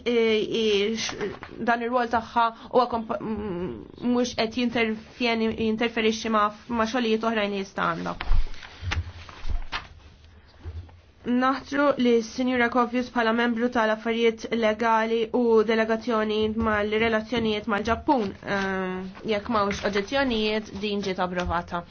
E, dan ir-rol tagħha huwa mhux qed jinterferixxi ma' xogħlijiet oħrajn li jistgħandha. Naħtru li s-Sinjura Kovjus bħala membru tal-affarijiet legali u delegazzjoni mal-relazzjonijiet mal-Ġappun jekk mawx oġezzjonijiet din ġiet approvata.